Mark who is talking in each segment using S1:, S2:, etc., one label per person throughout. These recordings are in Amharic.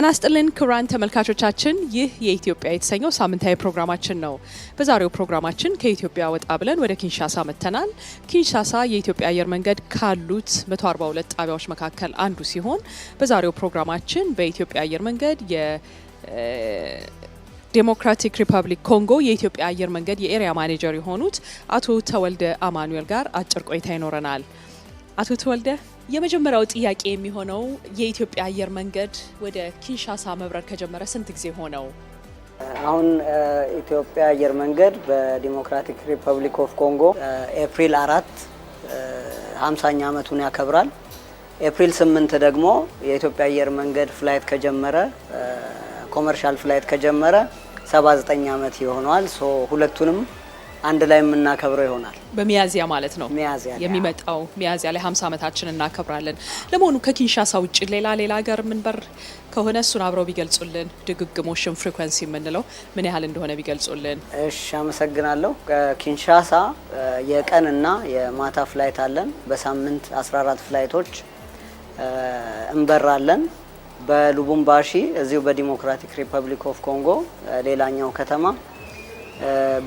S1: ጤና ስጥልን ክቡራን ተመልካቾቻችን፣ ይህ የኢትዮጵያ የተሰኘው ሳምንታዊ ፕሮግራማችን ነው። በዛሬው ፕሮግራማችን ከኢትዮጵያ ወጣ ብለን ወደ ኪንሻሳ መጥተናል። ኪንሻሳ የኢትዮጵያ አየር መንገድ ካሉት 142 ጣቢያዎች መካከል አንዱ ሲሆን በዛሬው ፕሮግራማችን በኢትዮጵያ አየር መንገድ ዴሞክራቲክ ሪፐብሊክ ኮንጎ የኢትዮጵያ አየር መንገድ የኤሪያ ማኔጀር የሆኑት አቶ ተወልደ አማኑኤል ጋር አጭር ቆይታ ይኖረናል። አቶ ተወልደ የመጀመሪያው ጥያቄ የሚሆነው የኢትዮጵያ አየር መንገድ ወደ ኪንሻሳ መብረር ከጀመረ ስንት ጊዜ ሆነው?
S2: አሁን ኢትዮጵያ አየር መንገድ በዲሞክራቲክ ሪፐብሊክ ኦፍ ኮንጎ ኤፕሪል አራት ሀምሳኛ ዓመቱን ያከብራል። ኤፕሪል ስምንት ደግሞ የኢትዮጵያ አየር መንገድ ፍላይት ከጀመረ ኮመርሻል ፍላይት ከጀመረ 79 ዓመት ይሆነዋል። ሶ ሁለቱንም አንድ ላይ የምናከብረው ይሆናል።
S1: በሚያዚያ ማለት ነው የሚመጣው ሚያዚያ ላይ ሀምሳ ዓመታችን እናከብራለን። ለመሆኑ ከኪንሻሳ ውጭ ሌላ ሌላ ሀገር የምንበር ከሆነ እሱን አብረው ቢገልጹልን፣ ድግግሞሽን ፍሪኩዌንሲ የምንለው ምን ያህል እንደሆነ ቢገልጹልን። እሺ፣ አመሰግናለሁ።
S2: ከኪንሻሳ የቀንና የማታ ፍላይት አለን። በሳምንት 14 ፍላይቶች እንበራለን። በሉቡምባሺ እዚሁ በዲሞክራቲክ ሪፐብሊክ ኦፍ ኮንጎ ሌላኛው ከተማ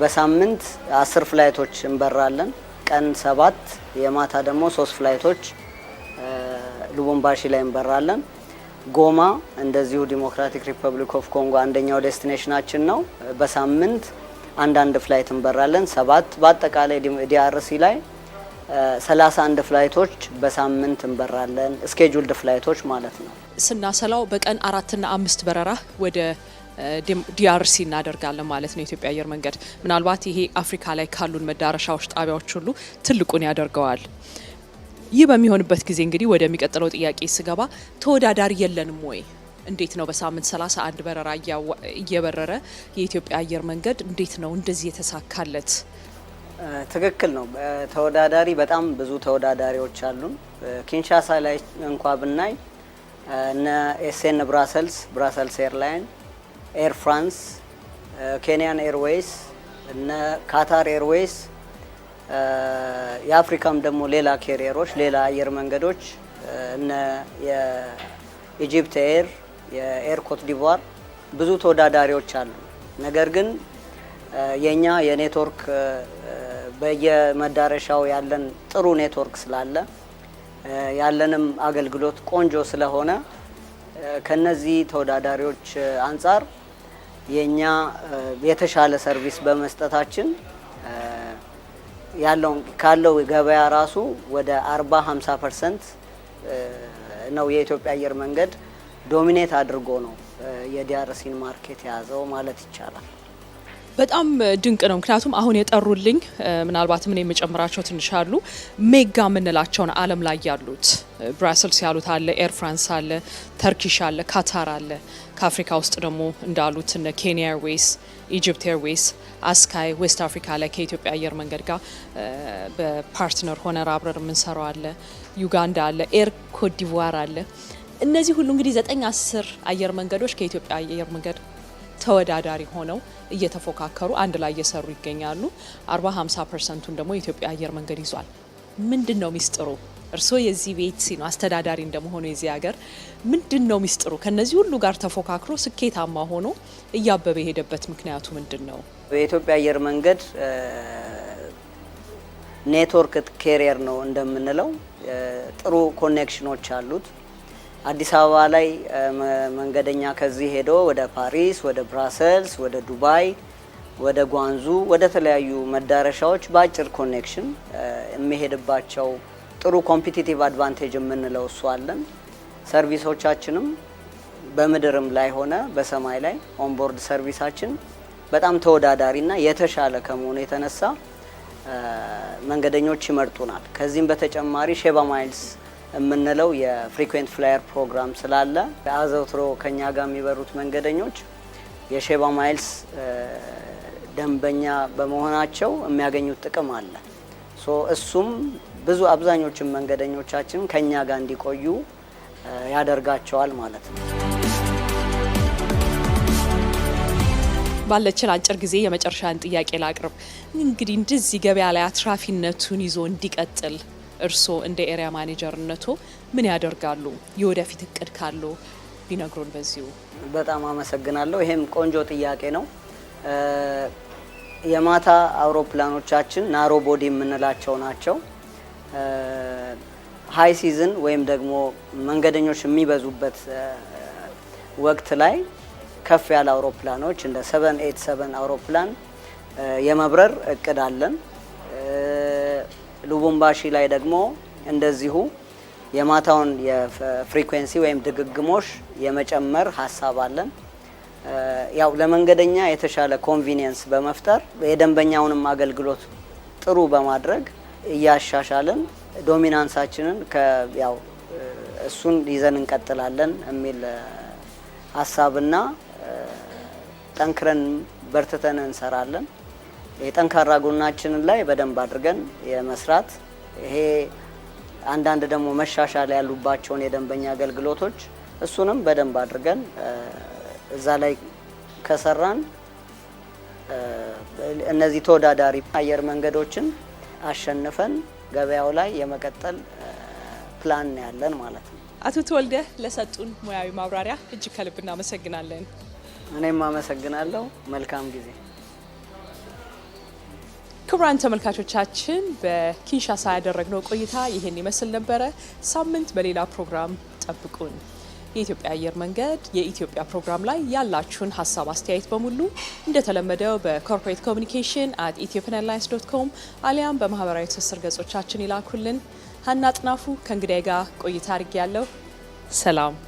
S2: በሳምንት አስር ፍላይቶች እንበራለን። ቀን ሰባት የማታ ደግሞ ሶስት ፍላይቶች ሉቡምባሺ ላይ እንበራለን። ጎማ እንደዚሁ ዲሞክራቲክ ሪፐብሊክ ኦፍ ኮንጎ አንደኛው ዴስቲኔሽናችን ነው። በሳምንት አንዳንድ ፍላይት እንበራለን። ሰባት በአጠቃላይ ዲአርሲ ላይ ሰላሳ አንድ ፍላይቶች በሳምንት እንበራለን። ስኬጁልድ ፍላይቶች ማለት ነው።
S1: ስናሰላው በቀን አራትና አምስት በረራ ወደ ዲአርሲ እናደርጋለን ማለት ነው። የኢትዮጵያ አየር መንገድ ምናልባት ይሄ አፍሪካ ላይ ካሉን መዳረሻዎች ጣቢያዎች ሁሉ ትልቁን ያደርገዋል። ይህ በሚሆንበት ጊዜ እንግዲህ ወደሚቀጥለው ጥያቄ ስገባ ተወዳዳሪ የለንም ወይ? እንዴት ነው በሳምንት 31 በረራ እየበረረ የኢትዮጵያ አየር መንገድ እንዴት ነው እንደዚህ የተሳካለት?
S2: ትክክል ነው። ተወዳዳሪ በጣም ብዙ ተወዳዳሪዎች አሉን። ኪንሻሳ ላይ እንኳ ብናይ እነ ኤስኤን ብራሰልስ፣ ብራሰልስ ኤርላይን ኤር ፍራንስ፣ ኬንያን ኤርዌይስ እነ ካታር ኤርዌይስ የአፍሪካም ደግሞ ሌላ ኬሪየሮች ሌላ አየር መንገዶች እነ የኢጂፕት ኤር የኤር ኮት ዲቯር ብዙ ተወዳዳሪዎች አሉ። ነገር ግን የኛ የኔትወርክ በየመዳረሻው ያለን ጥሩ ኔትወርክ ስላለ ያለንም አገልግሎት ቆንጆ ስለሆነ ከነዚህ ተወዳዳሪዎች አንጻር የእኛ የተሻለ ሰርቪስ በመስጠታችን ያለው ካለው ገበያ ራሱ ወደ 40 50 ፐርሰንት ነው የኢትዮጵያ አየር መንገድ ዶሚኔት አድርጎ ነው የዲያርሲን ማርኬት የያዘው ማለት ይቻላል።
S1: በጣም ድንቅ ነው። ምክንያቱም አሁን የጠሩልኝ ምናልባት ምን የምጨምራቸው ትንሽ አሉ ሜጋ የምንላቸውን አለም ላይ ያሉት ብራስልስ ያሉት አለ፣ ኤር ፍራንስ አለ፣ ተርኪሽ አለ፣ ካታር አለ። ከአፍሪካ ውስጥ ደግሞ እንዳሉት እነ ኬንያ ኤርዌይስ፣ ኢጅፕት ኤርዌይስ፣ አስካይ ዌስት አፍሪካ ላይ ከኢትዮጵያ አየር መንገድ ጋር በፓርትነር ሆነን አብረን የምንሰራው አለ፣ ዩጋንዳ አለ፣ ኤር ኮትዲቯር አለ። እነዚህ ሁሉ እንግዲህ ዘጠኝ አስር አየር መንገዶች ከኢትዮጵያ አየር መንገድ ተወዳዳሪ ሆነው እየተፎካከሩ አንድ ላይ እየሰሩ ይገኛሉ። 40 50 ፐርሰንቱን ደግሞ የኢትዮጵያ አየር መንገድ ይዟል። ምንድን ነው ሚስጥሩ? እርስዎ የዚህ ቤት ሲኖ አስተዳዳሪ እንደመሆኑ የዚህ ሀገር ምንድን ነው ሚስጥሩ? ከነዚህ ሁሉ ጋር ተፎካክሮ ስኬታማ ሆኖ እያበበ የሄደበት ምክንያቱ ምንድን ነው?
S2: የኢትዮጵያ አየር መንገድ ኔትወርክ ኬሪየር ነው እንደምንለው፣ ጥሩ ኮኔክሽኖች አሉት አዲስ አበባ ላይ መንገደኛ ከዚህ ሄዶ ወደ ፓሪስ፣ ወደ ብራሰልስ፣ ወደ ዱባይ፣ ወደ ጓንዙ፣ ወደ ተለያዩ መዳረሻዎች በአጭር ኮኔክሽን የሚሄድባቸው ጥሩ ኮምፒቲቲቭ አድቫንቴጅ የምንለው እሱ አለን። ሰርቪሶቻችንም በምድርም ላይ ሆነ በሰማይ ላይ ኦንቦርድ ሰርቪሳችን በጣም ተወዳዳሪና የተሻለ ከመሆኑ የተነሳ መንገደኞች ይመርጡናል። ከዚህም በተጨማሪ ሼባ ማይልስ የምንለው የፍሪኩዌንት ፍላየር ፕሮግራም ስላለ አዘውትሮ ከኛ ጋር የሚበሩት መንገደኞች የሼባ ማይልስ ደንበኛ በመሆናቸው የሚያገኙት ጥቅም አለ። እሱም ብዙ አብዛኞቹን መንገደኞቻችን ከኛ ጋር እንዲቆዩ ያደርጋቸዋል ማለት ነው።
S1: ባለችን አጭር ጊዜ የመጨረሻን ጥያቄ ላቅርብ። እንግዲህ እንደዚህ ገበያ ላይ አትራፊነቱን ይዞ እንዲቀጥል እርስዎ እንደ ኤሪያ ማኔጀርነቱ ምን ያደርጋሉ? የወደፊት እቅድ ካሉ ቢነግሩን በዚሁ።
S2: በጣም አመሰግናለሁ። ይሄም ቆንጆ ጥያቄ ነው። የማታ አውሮፕላኖቻችን ናሮ ቦዲ የምንላቸው ናቸው። ሀይ ሲዝን ወይም ደግሞ መንገደኞች የሚበዙበት ወቅት ላይ ከፍ ያለ አውሮፕላኖች እንደ ሰቨን ኤት ሰቨን አውሮፕላን የመብረር እቅድ አለን። ሉቡምባሺ ላይ ደግሞ እንደዚሁ የማታውን የፍሪኩዌንሲ ወይም ድግግሞሽ የመጨመር ሀሳብ አለን። ያው ለመንገደኛ የተሻለ ኮንቪኒየንስ በመፍጠር የደንበኛውንም አገልግሎት ጥሩ በማድረግ እያሻሻልን ዶሚናንሳችንን ያው እሱን ይዘን እንቀጥላለን የሚል ሀሳብና ጠንክረን በርትተን እንሰራለን። የጠንካራ ጎናችንን ላይ በደንብ አድርገን የመስራት ይሄ አንዳንድ ደግሞ መሻሻል ያሉባቸውን የደንበኛ አገልግሎቶች እሱንም በደንብ አድርገን እዛ ላይ ከሰራን እነዚህ ተወዳዳሪ አየር መንገዶችን አሸንፈን ገበያው ላይ የመቀጠል ፕላን ያለን ማለት ነው።
S1: አቶ ተወልደ ለሰጡን ሙያዊ ማብራሪያ እጅግ ከልብ እናመሰግናለን።
S2: እኔም አመሰግናለሁ። መልካም ጊዜ
S1: ክቡራን ተመልካቾቻችን በኪንሻሳ ያደረግነው ቆይታ ይህን ይመስል ነበረ። ሳምንት በሌላ ፕሮግራም ጠብቁን። የኢትዮጵያ አየር መንገድ የኢትዮጵያ ፕሮግራም ላይ ያላችሁን ሀሳብ፣ አስተያየት በሙሉ እንደተለመደው በኮርፖሬት ኮሚኒኬሽን አት ኢትዮጵያን ኤርላይንስ ዶት ኮም አሊያም በማህበራዊ ትስስር ገጾቻችን ይላኩልን። ሀና ጥናፉ ከእንግዳይ ጋር ቆይታ አድርጌ ያለው ሰላም